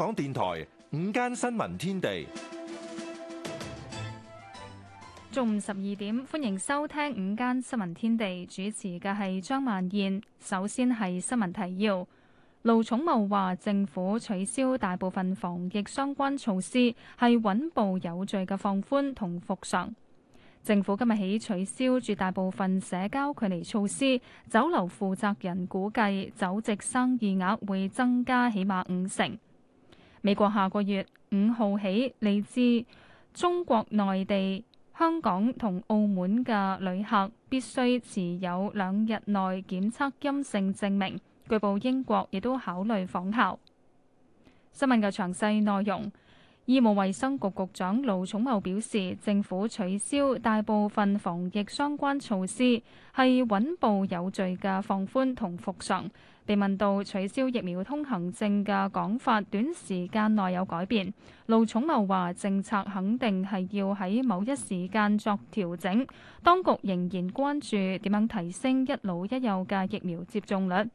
港電台午間新聞天地，中午十二點，歡迎收聽午間新聞天地。主持嘅係張萬燕。首先係新聞提要。盧寵茂話，政府取消大部分防疫相關措施係穩步有序嘅放寬同復常。政府今日起取消絕大部分社交距離措施，酒樓負責人估計酒席生意額會增加起碼五成。美國下個月五號起嚟自中國內地、香港同澳門嘅旅客必須持有兩日內檢測陰性證明。據報英國亦都考慮仿效。新聞嘅詳細內容，醫務衛生局局長盧寵茂表示，政府取消大部分防疫相關措施係穩步有序嘅放寬同復常。被問到取消疫苗通行證嘅講法短時間內有改變，盧寵茂話政策肯定係要喺某一時間作調整，當局仍然關注點樣提升一老一幼嘅疫苗接種率。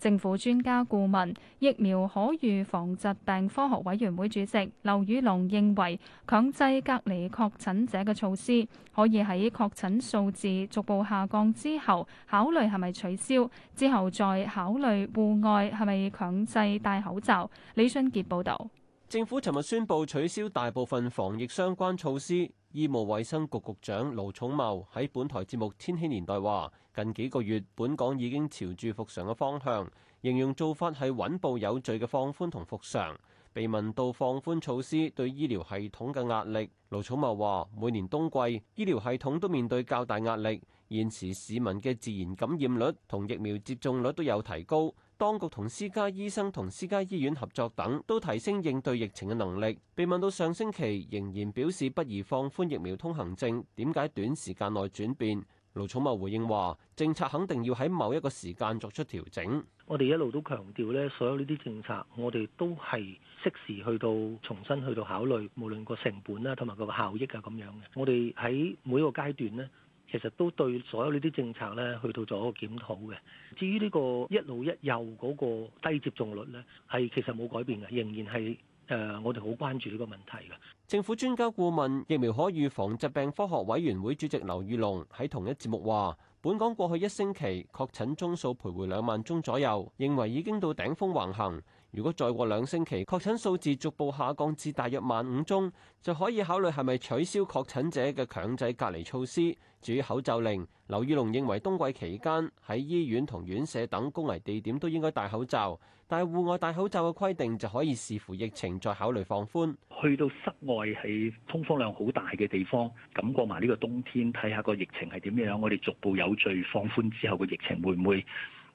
政府專家顧問、疫苗可預防疾病科學委員會主席劉宇龍認為，強制隔離確診者嘅措施可以喺確診數字逐步下降之後考慮係咪取消，之後再考慮戶外係咪強制戴口罩。李俊傑報導。政府尋日宣布取消大部分防疫相關措施。醫務衛生局局長盧寵茂喺本台節目《千禧年代》話：近幾個月，本港已經朝住復常嘅方向，形容做法係穩步有序嘅放寬同復常。被問到放寬措施對醫療系統嘅壓力，盧寵茂話：每年冬季，醫療系統都面對較大壓力。現時市民嘅自然感染率同疫苗接種率都有提高。當局同私家醫生同私家醫院合作等，都提升應對疫情嘅能力。被問到上星期仍然表示不宜放寬疫苗通行證，點解短時間內轉變？盧寵茂回應話：政策肯定要喺某一個時間作出調整。我哋一路都強調咧，所有呢啲政策，我哋都係適時去到重新去到考慮，無論個成本啦，同埋個效益啊咁樣嘅。我哋喺每一個階段呢。其實都對所有呢啲政策咧，去到咗一個檢討嘅。至於呢個一老一幼嗰個低接種率咧，係其實冇改變嘅，仍然係誒、呃、我哋好關注呢個問題嘅。政府專家顧問疫苗可預防疾病科學委員會主席劉宇龍喺同一節目話，本港過去一星期確診宗數徘徊兩萬宗左右，認為已經到頂峰橫行。如果再過兩星期確診數字逐步下降至大約萬五宗，就可以考慮係咪取消確診者嘅強制隔離措施。至於口罩令，劉宇龍認為冬季期間喺醫院同院舍等高危地點都應該戴口罩，但係戶外戴口罩嘅規定就可以視乎疫情再考慮放寬，去到室外係通風量好大嘅地方，咁過埋呢個冬天，睇下個疫情係點樣，我哋逐步有序放寬之後個疫情會唔會。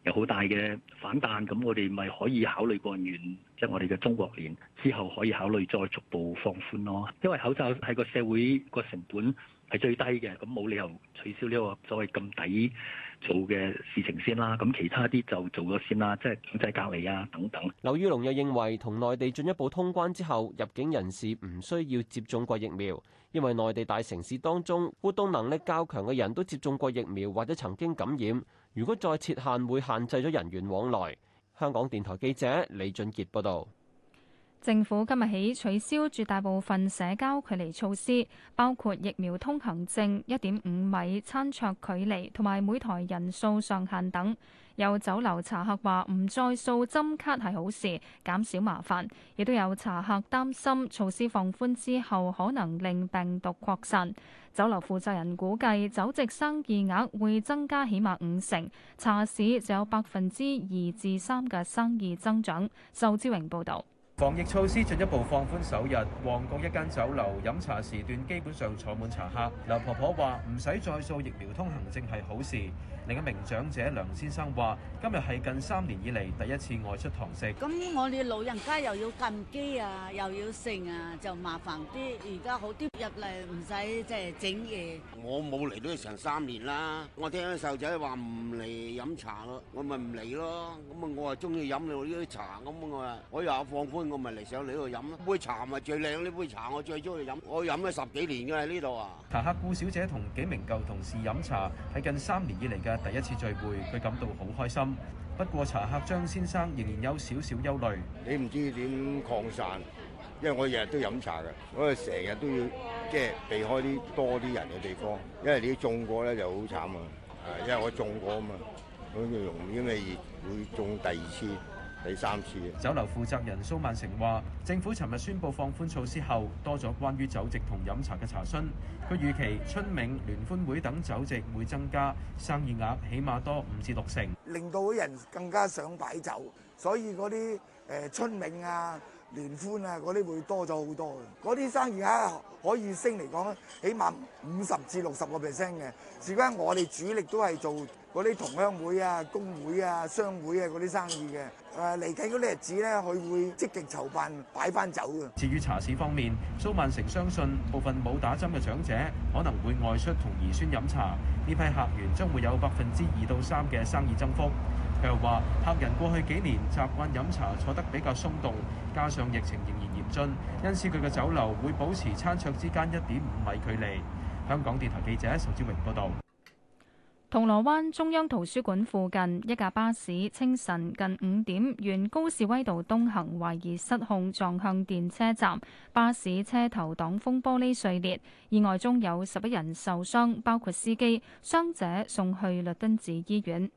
有好大嘅反彈，咁我哋咪可以考慮過完即係我哋嘅中國年之後可以考慮再逐步放寬咯。因為口罩喺個社會個成本係最低嘅，咁冇理由取消呢個所謂咁抵做嘅事情先啦。咁其他啲就做咗先啦，即係強制隔離啊等等。劉宇龍又認為，同內地進一步通關之後入境人士唔需要接種過疫苗，因為內地大城市當中活動能力較強嘅人都接種過疫苗或者曾經感染。如果再設限，會限制咗人員往來。香港電台記者李俊杰報道。政府今日起取消絕大部分社交距離措施，包括疫苗通行證、一點五米餐桌距離同埋每台人數上限等。有酒樓茶客話唔再掃針卡係好事，減少麻煩。亦都有茶客擔心措施放寬之後可能令病毒擴散。酒樓負責人估計酒席生意額會增加起碼五成，茶市就有百分之二至三嘅生意增長。仇志榮報導。防疫措施進一步放寬首日，旺角一間酒樓飲茶時段基本上坐滿茶客。劉婆婆話唔使再做疫苗通行證係好事。另一名長者梁先生話：今日係近三年以嚟第一次外出堂食。咁我哋老人家又要撳機啊，又要剩啊，就麻煩啲。而家好啲入嚟唔使即係整嘢。我冇嚟都要成三年啦，我聽到細路仔話唔嚟飲茶咯，我咪唔嚟咯。咁啊，我啊中意飲呢啲茶，咁啊，我又放寬。我咪嚟上嚟呢度飲咯，杯茶咪最靚呢杯茶，我最中意飲，我飲咗十幾年㗎喺呢度啊！茶客顧小姐同幾名舊同事飲茶，喺近三年以嚟嘅第一次聚會，佢感到好開心。不過茶客張先生仍然有少少憂慮，你唔知點擴散，因為我日日都飲茶㗎，我係成日都要即係避開啲多啲人嘅地方，因為你種過咧就好慘啊，因為我種過啊嘛，咁就容易因為會種第二次。第三次，酒樓負責人蘇曼成話，政府尋日宣布放寬措施後，多咗關於酒席同飲茶嘅查詢。佢預期春茗聯歡會等酒席會增加生意額，起碼多五至六成。令到人更加想擺酒，所以嗰啲誒春茗啊。聯歡啊！嗰啲會多咗好多嘅，嗰啲生意啊可以升嚟講，起碼五十至六十個 percent 嘅。事關我哋主力都係做嗰啲同鄉會啊、工會啊、商會啊嗰啲生意嘅，誒嚟緊嗰啲日子咧，佢會積極籌辦擺翻走嘅。至於茶市方面，蘇萬成相信部分冇打針嘅長者可能會外出同兒孫飲茶，呢批客源將會有百分之二到三嘅生意增幅。又話，客人過去幾年習慣飲茶坐得比較鬆動，加上疫情仍然嚴峻，因此佢嘅酒樓會保持餐桌之間一點五米距離。香港電台記者仇志榮報道，銅鑼灣中央圖書館附近一架巴士清晨近五點沿高士威道東行，懷疑失控撞向電車站，巴士車頭擋風玻璃碎裂，意外中有十一人受傷，包括司機，傷者送去律敦治醫院。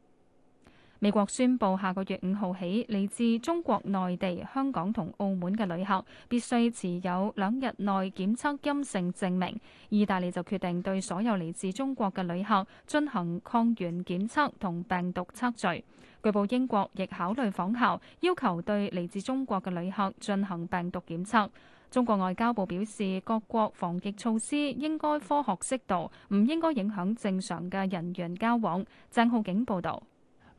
美國宣布下個月五號起，嚟自中國內地、香港同澳門嘅旅客必須持有兩日內檢測陰性證明。意大利就決定對所有嚟自中國嘅旅客進行抗原檢測同病毒測序。據報英國亦考慮仿效，要求對嚟自中國嘅旅客進行病毒檢測。中國外交部表示，各國防疫措施應該科學適度，唔應該影響正常嘅人員交往。鄭浩景報導。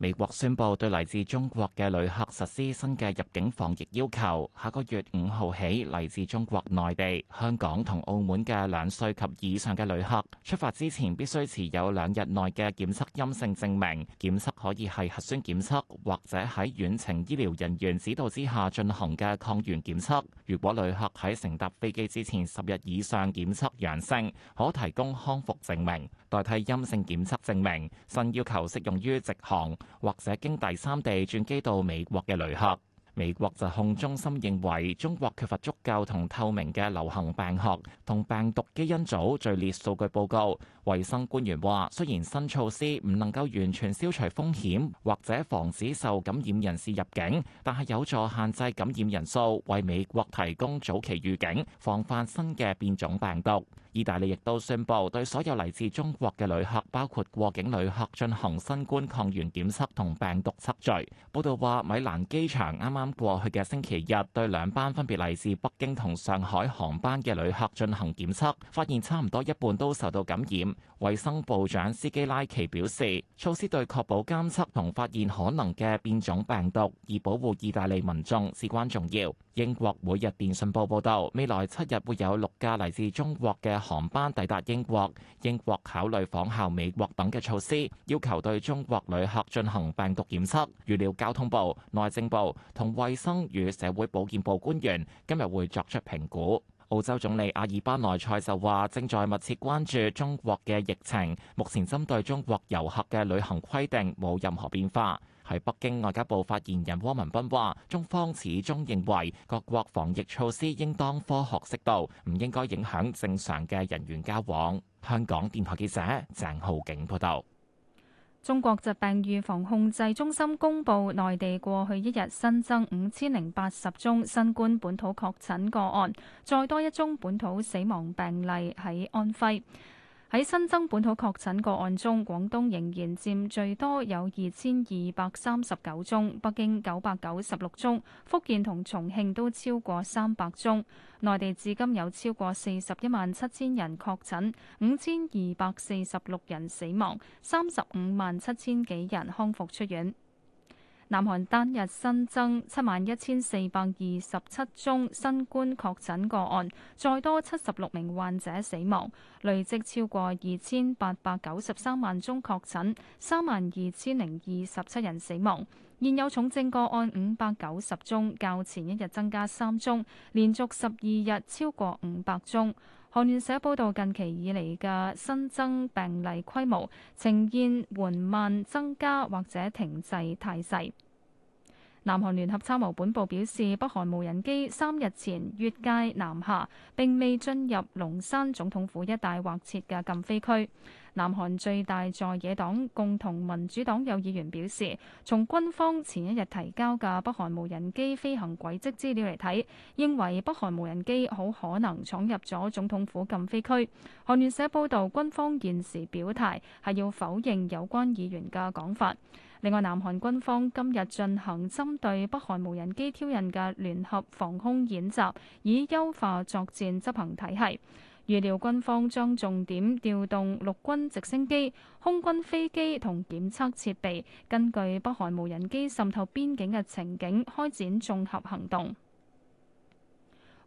美國宣布對嚟自中國嘅旅客實施新嘅入境防疫要求。下個月五號起，嚟自中國內地、香港同澳門嘅兩歲及以上嘅旅客，出發之前必須持有兩日內嘅檢測陰性證明。檢測可以係核酸檢測，或者喺遠程醫療人員指導之下進行嘅抗原檢測。如果旅客喺乘搭飛機之前十日以上檢測陽性，可提供康復證明，代替陰性檢測證明。新要求適用於直航，或者經第三地轉機到美國嘅旅客。美國疾控中心認為中國缺乏足夠同透明嘅流行病學同病毒基因組序列數據報告。衛生官員話，雖然新措施唔能夠完全消除風險，或者防止受感染人士入境，但係有助限制感染人數，為美國提供早期預警，防範新嘅變種病毒。意大利亦都宣布對所有嚟自中國嘅旅客，包括過境旅客，進行新冠抗原檢測同病毒測序。報道話米蘭機場啱啱過去嘅星期日，對兩班分別嚟自北京同上海航班嘅旅客進行檢測，發現差唔多一半都受到感染。衛生部長斯基拉奇表示，措施對確保監測同發現可能嘅變種病毒，而保護意大利民眾至關重要。英國每日電訊報報道，未來七日會有六架嚟自中國嘅航班抵達英國，英國考慮仿效美國等嘅措施，要求對中國旅客進行病毒檢測。預料交通部、內政部同衛生與社會保健部官員今日會作出評估。澳洲總理阿爾巴內塞就話，正在密切關注中國嘅疫情，目前針對中國遊客嘅旅行規定冇任何變化。喺北京外交部發言人汪文斌話，中方始終認為，各國防疫措施應當科學適度，唔應該影響正常嘅人員交往。香港電台記者鄭浩景報道。中國疾病預防控制中心公布，內地過去一日新增五千零八十宗新冠本土確診個案，再多一宗本土死亡病例喺安徽。喺新增本土確診個案中，廣東仍然佔最多，有二千二百三十九宗；北京九百九十六宗；福建同重慶都超過三百宗。內地至今有超過四十一萬七千人確診，五千二百四十六人死亡，三十五萬七千幾人康復出院。南韓單日新增七萬一千四百二十七宗新冠確診個案，再多七十六名患者死亡，累積超過二千八百九十三萬宗確診，三萬二千零二十七人死亡。現有重症個案五百九十宗，較前一日增加三宗，連續十二日超過五百宗。韓聯社報道，近期以嚟嘅新增病例規模呈現緩慢增加或者停滯態勢。南韓聯合參謀本部表示，北韓無人機三日前越界南下，並未進入龍山總統府一帶劃設嘅禁飛區。南韓最大在野黨共同民主黨有議員表示，從軍方前一日提交嘅北韓無人機飛行軌跡資料嚟睇，認為北韓無人機好可能闖入咗總統府禁飛區。韓聯社報導，軍方現時表態係要否認有關議員嘅講法。另外，南韓軍方今日進行針對北韓無人機挑釁嘅聯合防空演習，以優化作戰執行體系。預料軍方將重點調動陸軍直升機、空軍飛機同檢測設備，根據北韓無人機滲透邊境嘅情景，開展綜合行動。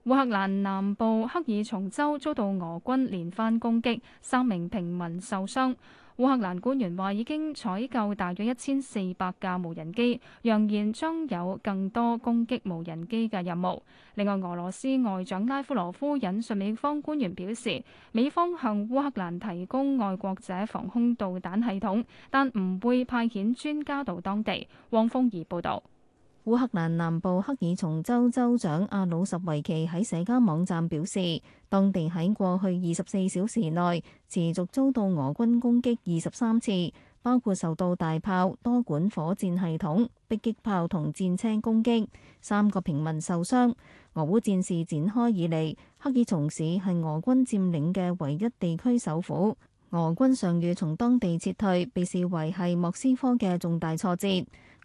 烏克蘭南部克爾松州遭到俄軍連番攻擊，三名平民受傷。烏克蘭官員話已經採購大約一千四百架無人機，揚言將有更多攻擊無人機嘅任務。另外，俄羅斯外長拉夫羅夫引述美方官員表示，美方向烏克蘭提供愛國者防空導彈系統，但唔會派遣專家到當地。汪峰怡報道。烏克蘭南部克爾松州州長阿魯什維奇喺社交網站表示，當地喺過去二十四小時內持續遭到俄軍攻擊二十三次，包括受到大炮、多管火箭系統、迫擊炮同戰車攻擊，三個平民受傷。俄烏戰事展開以嚟，克爾松市係俄軍佔領嘅唯一地區首府。俄軍上月從當地撤退，被視為係莫斯科嘅重大挫折。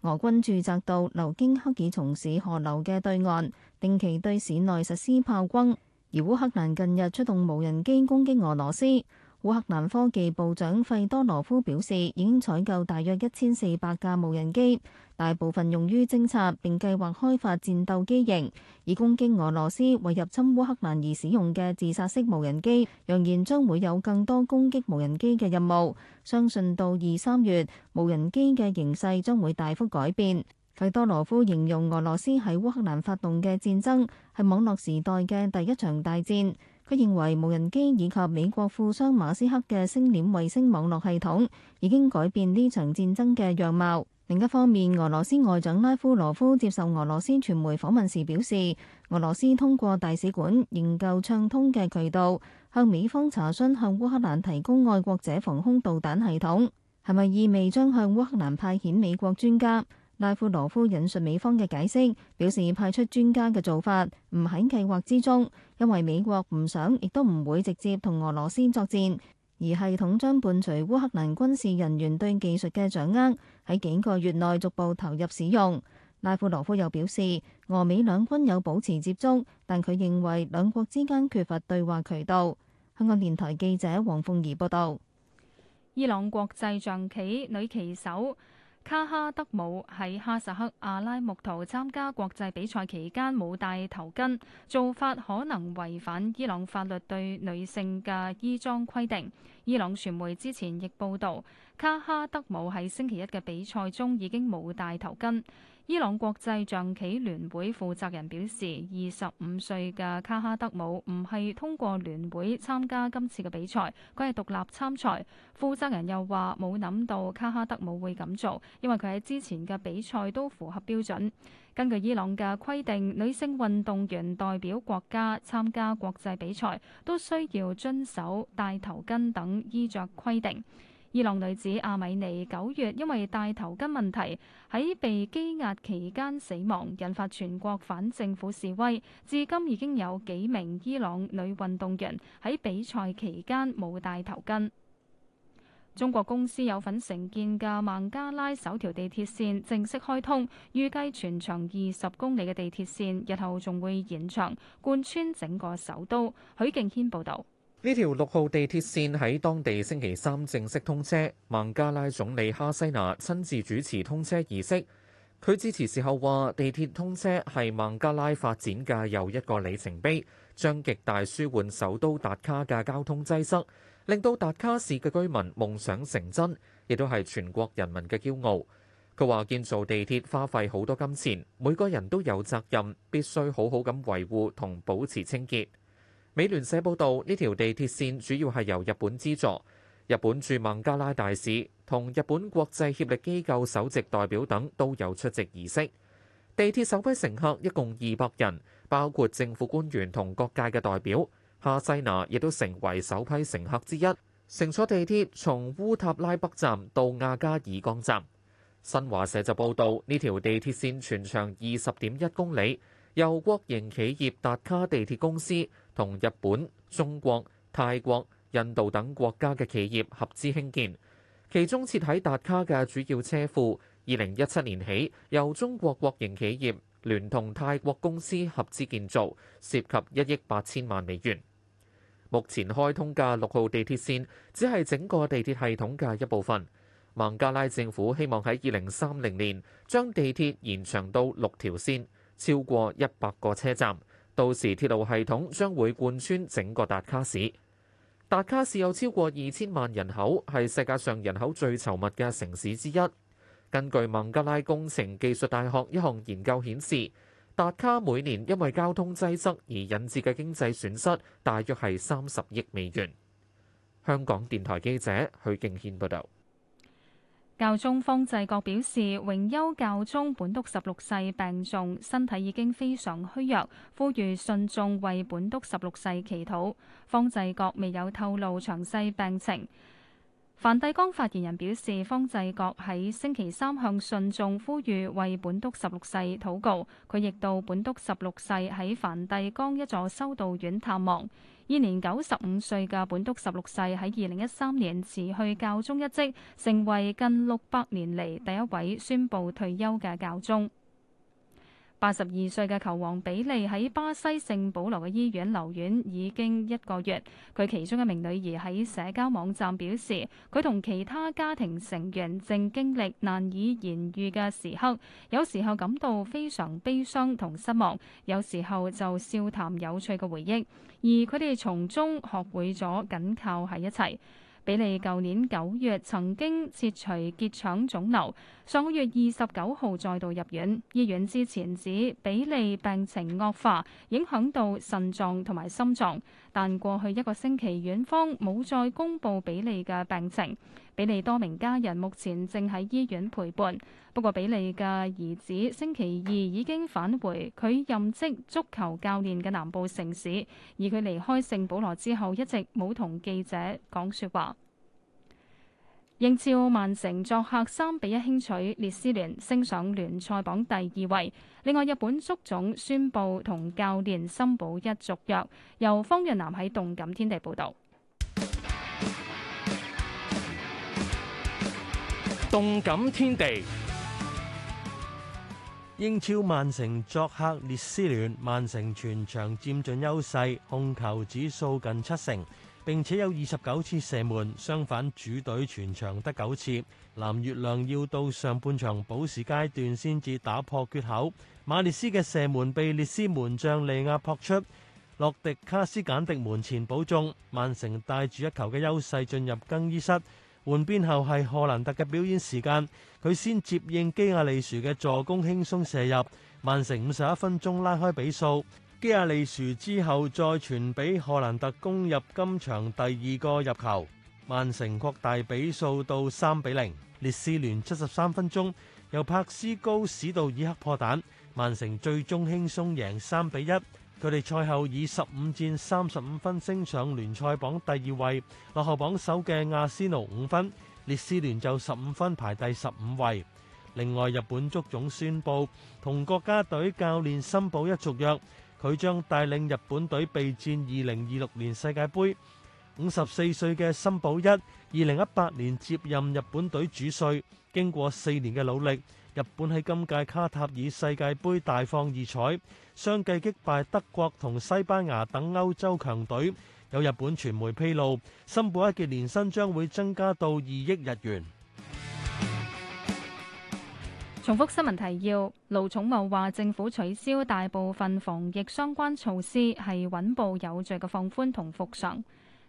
俄軍駐紮到流經赫爾松市河流嘅對岸，定期對市內實施炮轟。而烏克蘭近日出動無人機攻擊俄羅斯。烏克蘭科技部長費多羅夫表示，已經採購大約一千四百架無人機，大部分用於偵察，並計劃開發戰鬥機型，以攻擊俄羅斯為入侵烏克蘭而使用嘅自殺式無人機。揚言將會有更多攻擊無人機嘅任務，相信到二三月，無人機嘅形勢將會大幅改變。費多羅夫形容俄羅斯喺烏克蘭發動嘅戰爭係網絡時代嘅第一場大戰。佢認為無人機以及美國富商馬斯克嘅星鏈衛星網絡系統已經改變呢場戰爭嘅樣貌。另一方面，俄羅斯外長拉夫羅夫接受俄羅斯傳媒訪問時表示，俄羅斯通過大使館仍舊暢通嘅渠道向美方查詢向烏克蘭提供愛國者防空導彈系統係咪意味將向烏克蘭派遣美國專家。拉夫羅夫引述美方嘅解釋，表示派出專家嘅做法唔喺計劃之中，因為美國唔想亦都唔會直接同俄羅斯作戰，而系統將伴隨烏克蘭軍事人員對技術嘅掌握，喺幾個月內逐步投入使用。拉夫羅夫又表示，俄美兩軍有保持接觸，但佢認為兩國之間缺乏對話渠道。香港電台記者黃鳳儀報道。伊朗國際象棋女棋手卡哈德姆喺哈薩克阿拉木圖參加國際比賽期間冇戴頭巾，做法可能違反伊朗法律對女性嘅衣裝規定。伊朗傳媒之前亦報道，卡哈德姆喺星期一嘅比賽中已經冇戴頭巾。伊朗國際象棋聯會負責人表示，二十五歲嘅卡哈德姆唔係通過聯會參加今次嘅比賽，佢係獨立參賽。負責人又話冇諗到卡哈德姆會咁做，因為佢喺之前嘅比賽都符合標準。根據伊朗嘅規定，女性運動員代表國家參加國際比賽都需要遵守戴頭巾等衣着規定。伊朗女子阿米尼九月因為戴頭巾問題喺被羈押期間死亡，引發全國反政府示威。至今已經有幾名伊朗女運動員喺比賽期間冇戴頭巾。中國公司有份承建嘅孟加拉首條地鐵綫正式開通，預計全長二十公里嘅地鐵綫，日後仲會延長，貫穿整個首都。許敬軒報道。呢條六號地鐵線喺當地星期三正式通車，孟加拉總理哈西娜親自主持通車儀式。佢致辭時候話：地鐵通車係孟加拉發展嘅又一個里程碑，將極大舒緩首都達卡嘅交通擠塞，令到達卡市嘅居民夢想成真，亦都係全國人民嘅驕傲。佢話建造地鐵花費好多金錢，每個人都有責任，必須好好咁維護同保持清潔。美聯社報道，呢條地鐵線主要係由日本資助，日本駐孟加拉大使同日本國際協力機構首席代表等都有出席儀式。地鐵首批乘客一共二百人，包括政府官員同各界嘅代表。哈西娜亦都成為首批乘客之一，乘坐地鐵從烏塔拉北站到亞加爾江站。新華社就報道，呢條地鐵線全長二十點一公里，由國營企業達卡地鐵公司。同日本、中國、泰國、印度等國家嘅企業合資興建，其中設喺達卡嘅主要車庫，二零一七年起由中國國營企業聯同泰國公司合資建造，涉及一億八千萬美元。目前開通嘅六號地鐵線只係整個地鐵系統嘅一部分。孟加拉政府希望喺二零三零年將地鐵延長到六條線，超過一百個車站。到時鐵路系統將會貫穿整個達卡市。達卡市有超過二千萬人口，係世界上人口最稠密嘅城市之一。根據孟加拉工程技術大學一項研究顯示，達卡每年因為交通擠塞而引致嘅經濟損失大約係三十億美元。香港電台記者許敬軒報道。教宗方濟各表示，榮休教宗本篤十六世病重，身體已經非常虛弱，呼籲信眾為本篤十六世祈禱。方濟各未有透露詳細病情。梵蒂岡發言人表示，方濟各喺星期三向信眾呼籲為本篤十六世禱告，佢亦到本篤十六世喺梵蒂岡一座修道院探望。現年九十五歲嘅本篤十六世喺二零一三年辭去教宗一職，成為近六百年嚟第一位宣布退休嘅教宗。八十二歲嘅球王比利喺巴西聖保羅嘅醫院留院已經一個月。佢其中一名女兒喺社交網站表示，佢同其他家庭成員正經歷難以言喻嘅時刻，有時候感到非常悲傷同失望，有時候就笑談有趣嘅回憶，而佢哋從中學會咗緊靠喺一齊。比利舊年九月曾經切除結腸腫瘤，上個月二十九號再度入院。醫院之前指比利病情惡化，影響到腎臟同埋心臟。但過去一個星期，院方冇再公布比利嘅病情。比利多名家人目前正喺醫院陪伴。不過，比利嘅兒子星期二已經返回佢任職足球教練嘅南部城市，而佢離開聖保羅之後，一直冇同記者講說話。英超曼城作客三比一輕取列斯聯，升上聯賽榜第二位。另外，日本足總宣佈同教練森保一續約。由方潤南喺動感天地報道。動感天地，天地英超曼城作客列斯聯，曼城全場佔盡優勢，控球指數近七成。並且有二十九次射門，相反主隊全場得九次。藍月亮要到上半場補時階段先至打破缺口。馬列斯嘅射門被列斯門將利亞撲出，洛迪卡斯簡迪門前保中，曼城帶住一球嘅優勢進入更衣室。換邊後係荷蘭特嘅表演時間，佢先接應基亞利殊嘅助攻輕鬆射入，曼城五十一分鐘拉開比數。基亞利殊之後，再傳俾荷蘭特攻入今場第二個入球，曼城擴大比數到三比零。列斯聯七十三分鐘由柏斯高史道爾克破蛋，曼城最終輕鬆贏三比一。佢哋賽後以十五戰三十五分升上聯賽榜第二位，落後榜首嘅阿仙奴五分。列斯聯就十五分排第十五位。另外，日本足總宣布同國家隊教練森保一續約。佢將帶領日本隊備戰二零二六年世界盃。五十四歲嘅森保一，二零一八年接任日本隊主帥，經過四年嘅努力，日本喺今屆卡塔爾世界盃大放異彩，相繼擊敗德國同西班牙等歐洲強隊。有日本傳媒披露，森保一嘅年薪將會增加到二億日元。重複新聞提要,盧寵茂話政府取消大部分防疫相關措施，係穩步有序嘅放寬同復常。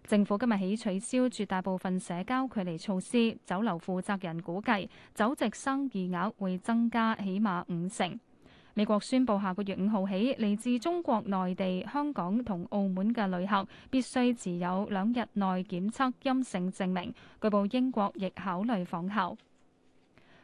政府今日起取消絕大部分社交距離措施,酒樓負責人估計,酒席生意額會增加起碼五成。美國宣布下個月五號起,嚟自中國內地、香港同澳門嘅旅客,必須持有兩日內檢測陰性證明,據報英國亦考慮仿效。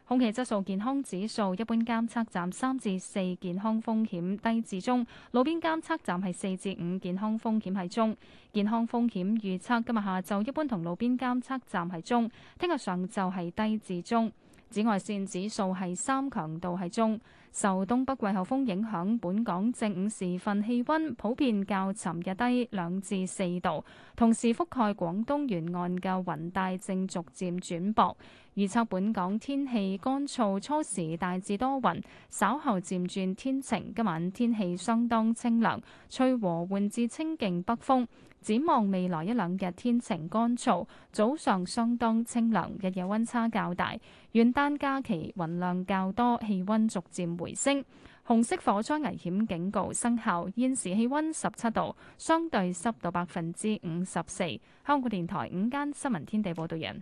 空氣質素健康指數一般監測站三至四健康風險低至中，路邊監測站係四至五健康風險係中，健康風險預測今日下晝一般同路邊監測站係中，聽日上晝係低至中，紫外線指數係三，強度係中。受東北季候風影響，本港正午時分氣温普遍較尋日低兩至四度。同時覆蓋廣東沿岸嘅雲帶正逐漸轉薄。預測本港天氣乾燥，初時大致多雲，稍後漸轉天晴。今晚天氣相當清涼，吹和緩至清勁北風。展望未來一兩日天晴乾燥，早上相當清涼，日夜温差較大。元旦假期雲量較多，氣温逐漸回回升，紅色火災危險警告生效。現時氣温十七度，相對濕度百分之五十四。香港電台午間新聞天地報道人，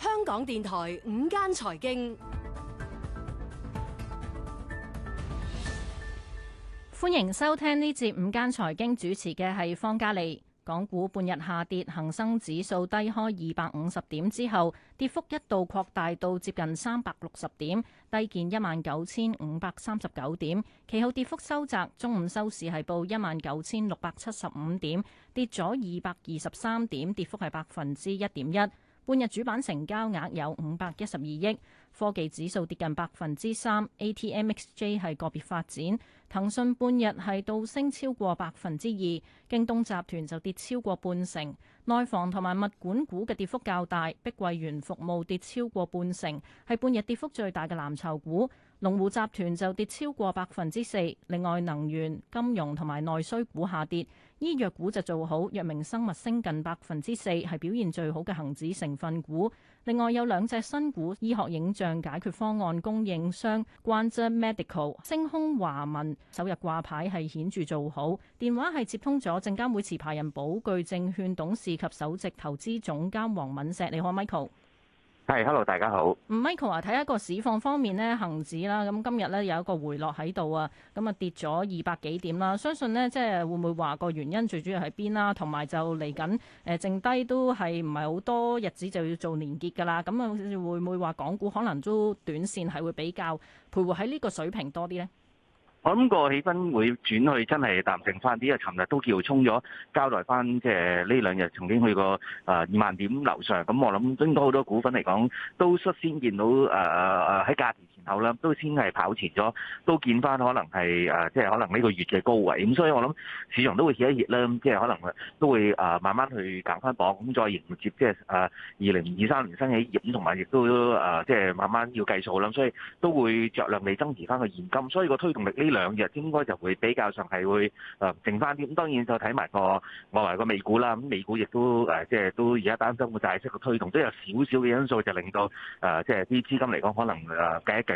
香港電台午間財經。歡迎收聽呢節午間財經主持嘅係方嘉利。港股半日下跌，恒生指數低開二百五十點之後，跌幅一度擴大到接近三百六十點，低見一萬九千五百三十九點，其後跌幅收窄，中午收市係報一萬九千六百七十五點，跌咗二百二十三點，跌幅係百分之一點一。半日主板成交額有五百一十二億。科技指數跌近百分之三，ATMXJ 係個別發展。騰訊半日係倒升超過百分之二，京東集團就跌超過半成。內房同埋物管股嘅跌幅較大，碧桂園服務跌超過半成，係半日跌幅最大嘅藍籌股。龍湖集團就跌超過百分之四。另外，能源、金融同埋內需股下跌。醫藥股就做好，藥明生物升近百分之四，係表現最好嘅恒指成分股。另外有兩隻新股，醫學影像解決方案供應商冠則 Medical、星空華文首日掛牌係顯著做好。電話係接通咗證監會持牌人寶鉅證券董事及首席投資總監黃敏碩，你好，Michael。係，hello，大家好。Michael 啊，睇一個市況方面呢，恒指啦，咁今日呢有一個回落喺度啊，咁啊跌咗二百幾點啦。相信呢，即係會唔會話個原因最主要喺邊啦？同埋就嚟緊誒，剩低都係唔係好多日子就要做年結噶啦。咁啊，會唔會話港股可能都短線係會比較徘徊喺呢個水平多啲呢？我諗個氣氛會轉去真係淡靜翻啲啊！尋日都叫衝咗，交代翻即係呢兩日曾經去過啊、呃、二萬點樓上。咁我諗應該好多股份嚟講，都率先見到誒誒喺價。呃呃後啦，都先係跑前咗，都見翻可能係誒，即係可能呢個月嘅高位。咁所以我諗市場都會試一試啦，即係可能都會誒慢慢去減翻磅，咁再迎接即係誒二零二三年新起年。同埋亦都誒即係慢慢要計數啦，所以都會着量未增持翻個現金。所以個推動力呢兩日應該就會比較上係會誒剩翻啲。咁當然就睇埋個外圍個美股啦。咁美股亦都誒即係都而家擔心個債息個推動，都有少少嘅因素就令到誒即係啲資金嚟講可能誒計一計。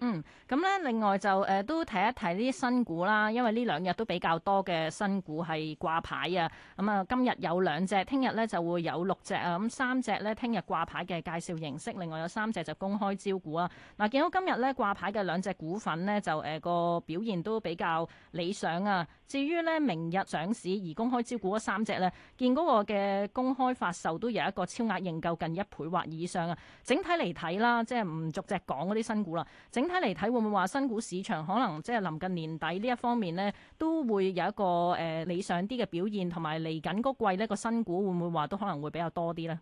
嗯，咁、嗯、咧另外就誒、呃、都睇一睇呢啲新股啦，因為呢兩日都比較多嘅新股係掛牌啊。咁、嗯、啊，今日有兩隻，聽日咧就會有六隻啊。咁、嗯、三隻咧聽日掛牌嘅介紹形式，另外有三隻就公開招股啊。嗱、啊，見到今日咧掛牌嘅兩隻股份咧就誒、呃、個表現都比較理想啊。至於咧明日上市而公開招股嗰三隻咧，見嗰個嘅公開發售都有一個超額認購近一倍或以上啊。整體嚟睇啦，即係唔逐隻講嗰啲新股啦，整。整體嚟睇，會唔會話新股市場可能即係臨近年底呢一方面呢，都會有一個誒、呃、理想啲嘅表現，同埋嚟緊嗰季呢個新股會唔會話都可能會比較多啲呢？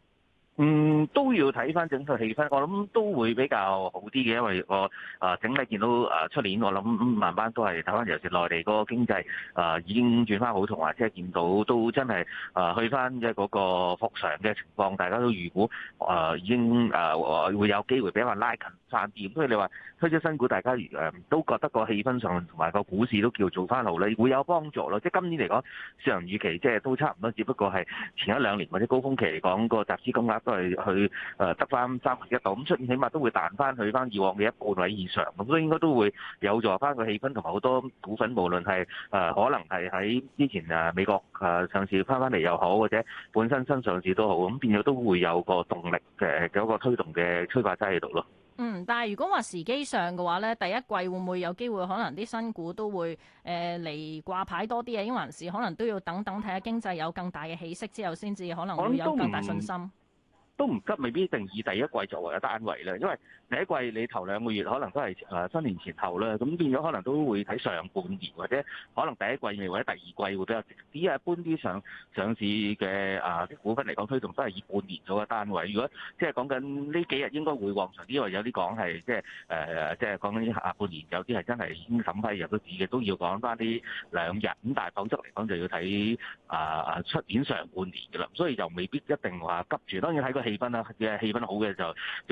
嗯，都要睇翻整體氣氛，我諗都會比較好啲嘅，因為我啊整體見到啊出年我諗慢慢都係睇翻尤其是內地嗰個經濟啊已經轉翻好，同埋即係見到都真係啊去翻即係嗰個復常嘅情況，大家都預估啊、呃、已經啊、呃、會有機會，比如話拉近差點。所以你話推出新股，大家誒都覺得個氣氛上同埋個股市都叫做翻好咧，會有幫助咯。即係今年嚟講，市場預期即係都差唔多，只不過係前一兩年或者高峰期嚟講個集資金額。去誒得翻三分一度咁，出面起碼都會彈翻去翻以往嘅一半位以上咁，所以應該都會有助翻個氣氛，同埋好多股份，無論係誒、呃、可能係喺之前誒美國誒上市翻翻嚟又好，或者本身新上市都好，咁變咗都會有個動力嘅，有個推動嘅催化劑喺度咯。嗯，但係如果話時機上嘅話咧，第一季會唔會有機會可能啲新股都會誒嚟、呃、掛牌多啲啊？因為還是可能都要等等睇下經濟有更大嘅起色之後，先至可能會有更大信心。都唔急，未必一定以第一季作為嘅單位啦，因為第一季你頭兩個月可能都係誒、呃、新年前後啦，咁變咗可能都會睇上半年或者可能第一季，或者第二季會比較直。只係一般啲上上市嘅誒股份嚟講，推動都係以半年做嘅單位。如果即係講緊呢幾日應該會旺場啲，因為有啲講係即係誒，即係講緊下半年，有啲係真係已經審批入咗市嘅，都要講翻啲兩日。咁但係講質嚟講就要睇誒出年上半年㗎啦，所以就未必一定話急住。當然睇個氣氛啦，嘅氣氛好嘅就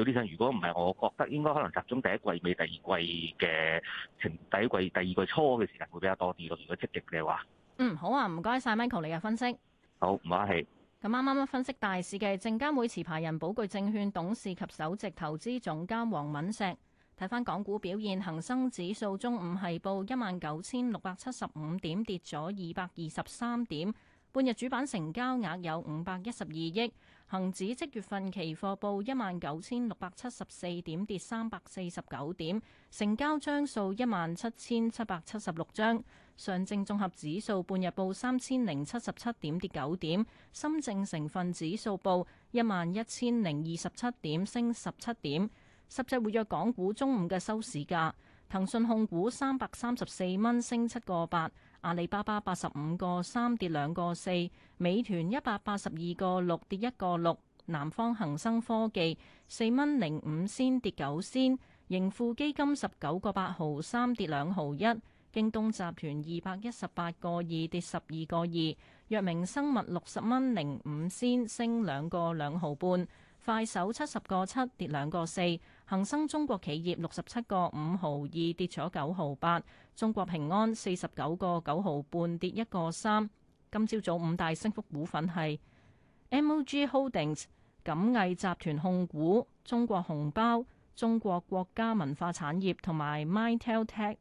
早啲上。如果唔係，我覺得應該可能集中第一季尾、第二季嘅情。第一季、第二季初嘅時間會比較多啲咯。如果積極嘅話，嗯好啊，唔該晒。Michael 你嘅分析，好，唔客氣。咁啱啱分析大市嘅證監會持牌人寶具證券董事及首席投資總監黃敏石，睇翻港股表現，恒生指數中午係報一萬九千六百七十五點，跌咗二百二十三點。半日主板成交額有五百一十二億，恒指即月份期貨報一萬九千六百七十四點，跌三百四十九點，成交張數一萬七千七百七十六張。上證綜合指數半日報三千零七十七點，跌九點。深證成分指數報一萬一千零二十七點，升十七點。十隻活躍港股中午嘅收市價，騰訊控股三百三十四蚊，升七個八。阿里巴巴八十五個三跌兩個四，美團一百八十二個六跌一個六，南方恒生科技四蚊零五仙跌九仙，盈富基金十九個八毫三跌兩毫一，京東集團二百一十八個二跌十二個二，藥明生物六十蚊零五仙升兩個兩毫半，快手七十個七跌兩個四。恒生中國企業六十七個五毫二跌咗九毫八，中國平安四十九個九毫半跌一個三。今朝早五大升幅股份係 MOG Holdings、錦藝集團控股、中國紅包、中國國家文化產業同埋 MyTeltech。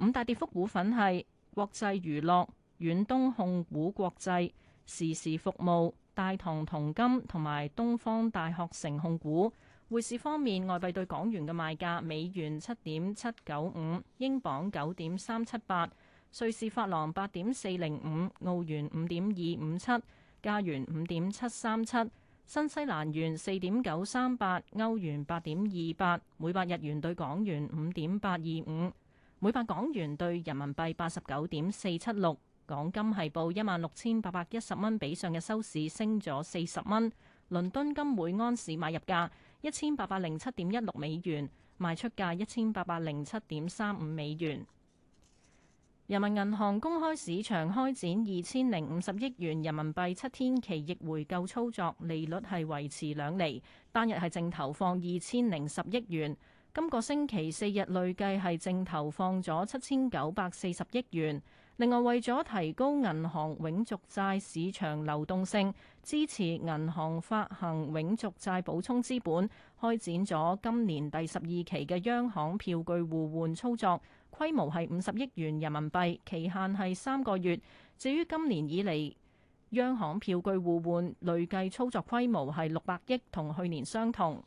五大跌幅股份係國際娛樂、遠東控股國際、時時服務、大唐銅金同埋東方大學城控股。匯市方面，外幣對港元嘅賣價：美元七點七九五，英鎊九點三七八，瑞士法郎八點四零五，澳元五點二五七，加元五點七三七，新西蘭元四點九三八，歐元八點二八，每百日元對港元五點八二五，每百港元對人民幣八十九點四七六。港金係報一萬六千八百一十蚊，比上嘅收市升咗四十蚊。倫敦金每安士買入價。一千八百零七點一六美元，賣出價一千八百零七點三五美元。人民銀行公開市場開展二千零五十億元人民幣七天期逆回購操作，利率係維持兩厘。單日係淨投放二千零十億元。今個星期四日累計係淨投放咗七千九百四十億元。另外，為咗提高銀行永續債市場流動性，支持銀行發行永續債補充資本，開展咗今年第十二期嘅央行票據互換操作，規模係五十億元人民幣，期限係三個月。至於今年以嚟，央行票據互換累計操作規模係六百億，同去年相同。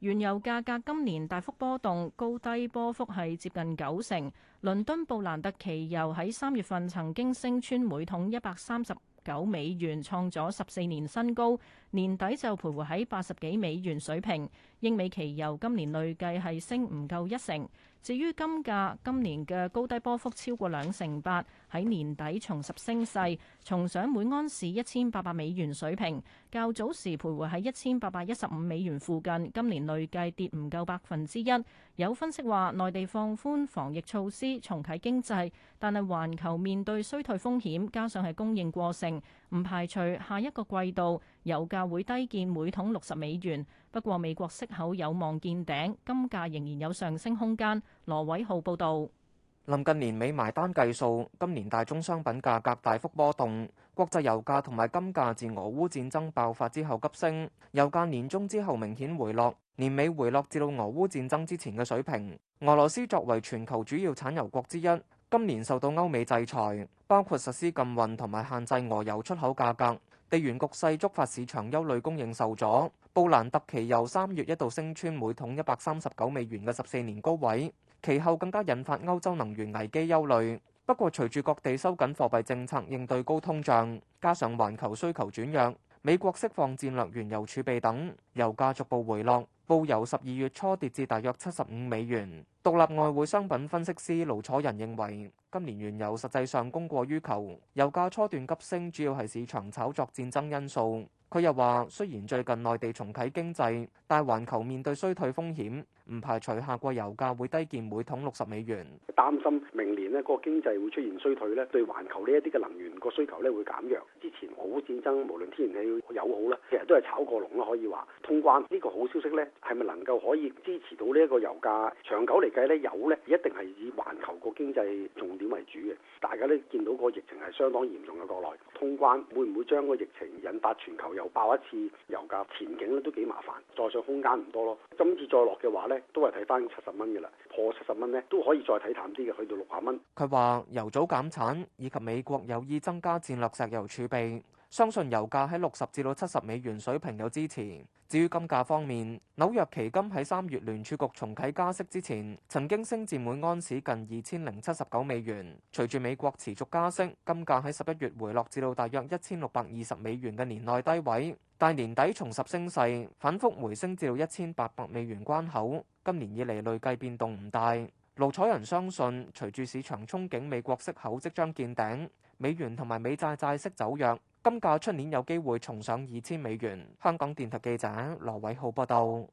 原油價格今年大幅波動，高低波幅係接近九成。倫敦布蘭特期油喺三月份曾經升穿每桶一百三十九美元，創咗十四年新高，年底就徘徊喺八十幾美元水平。英美期油今年累計係升唔夠一成。至於金價今年嘅高低波幅超過兩成八，喺年底重拾升勢，重上每安士一千八百美元水平。較早時徘徊喺一千八百一十五美元附近，今年累計跌唔夠百分之一。有分析話，內地放寬防疫措施，重啟經濟，但係環球面對衰退風險，加上係供應過剩。唔排除下一個季度油價會低見每桶六十美元，不過美國息口有望見頂，金價仍然有上升空間，羅偉浩報道。臨近年尾埋單計數，今年大宗商品價格，格大幅波動，國際油價同埋金價自俄烏戰爭爆發之後急升，油價年中之後明顯回落，年尾回落至到俄烏戰爭之前嘅水平。俄羅斯作為全球主要產油國之一，今年受到歐美制裁，包括實施禁運同埋限制俄油出口價格，地緣局勢觸發市場憂慮供應受阻。布蘭特期油三月一度升穿每桶一百三十九美元嘅十四年高位，其後更加引發歐洲能源危機憂慮。不過隨住各地收緊貨幣政策應對高通脹，加上環球需求轉弱，美國釋放戰略原油儲備等，油價逐步回落。布油十二月初跌至大約七十五美元。獨立外匯商品分析師盧楚仁認為，今年原油實際上供過於求，油價初段急升主要係市場炒作戰爭因素。佢又話，雖然最近內地重啟經濟，但環球面對衰退風險。唔排除下季油價會低見每桶六十美元，擔心明年呢個經濟會出現衰退咧，對環球呢一啲嘅能源個需求咧會減弱。之前俄烏戰爭無論天然氣油好啦，其實都係炒過龍咯，可以話通關呢個好消息咧，係咪能夠可以支持到呢一個油價長久嚟計咧？油咧一定係以環球個經濟重點為主嘅。大家咧見到個疫情係相當嚴重嘅國內通關會唔會將個疫情引發全球又爆一次油價前景咧都幾麻煩，再上空間唔多咯，今次再落嘅話咧。都係睇翻七十蚊嘅啦，破七十蚊咧都可以再睇淡啲嘅，去到六百蚊。佢話，油組減產以及美國有意增加戰略石油儲備。相信油價喺六十至到七十美元水平有支持。至於金價方面，紐約期金喺三月聯儲局重啟加息之前，曾經升至每盎司近二千零七十九美元。隨住美國持續加息，金價喺十一月回落至到大約一千六百二十美元嘅年內低位，但年底重拾升勢，反復回升至到一千八百美元關口。今年以嚟累計變動唔大。盧彩仁相信，隨住市場憧憬美國息口即將見頂，美元同埋美債債息息走弱。金價出年有機會重上二千美元。香港電台記者羅偉浩報道。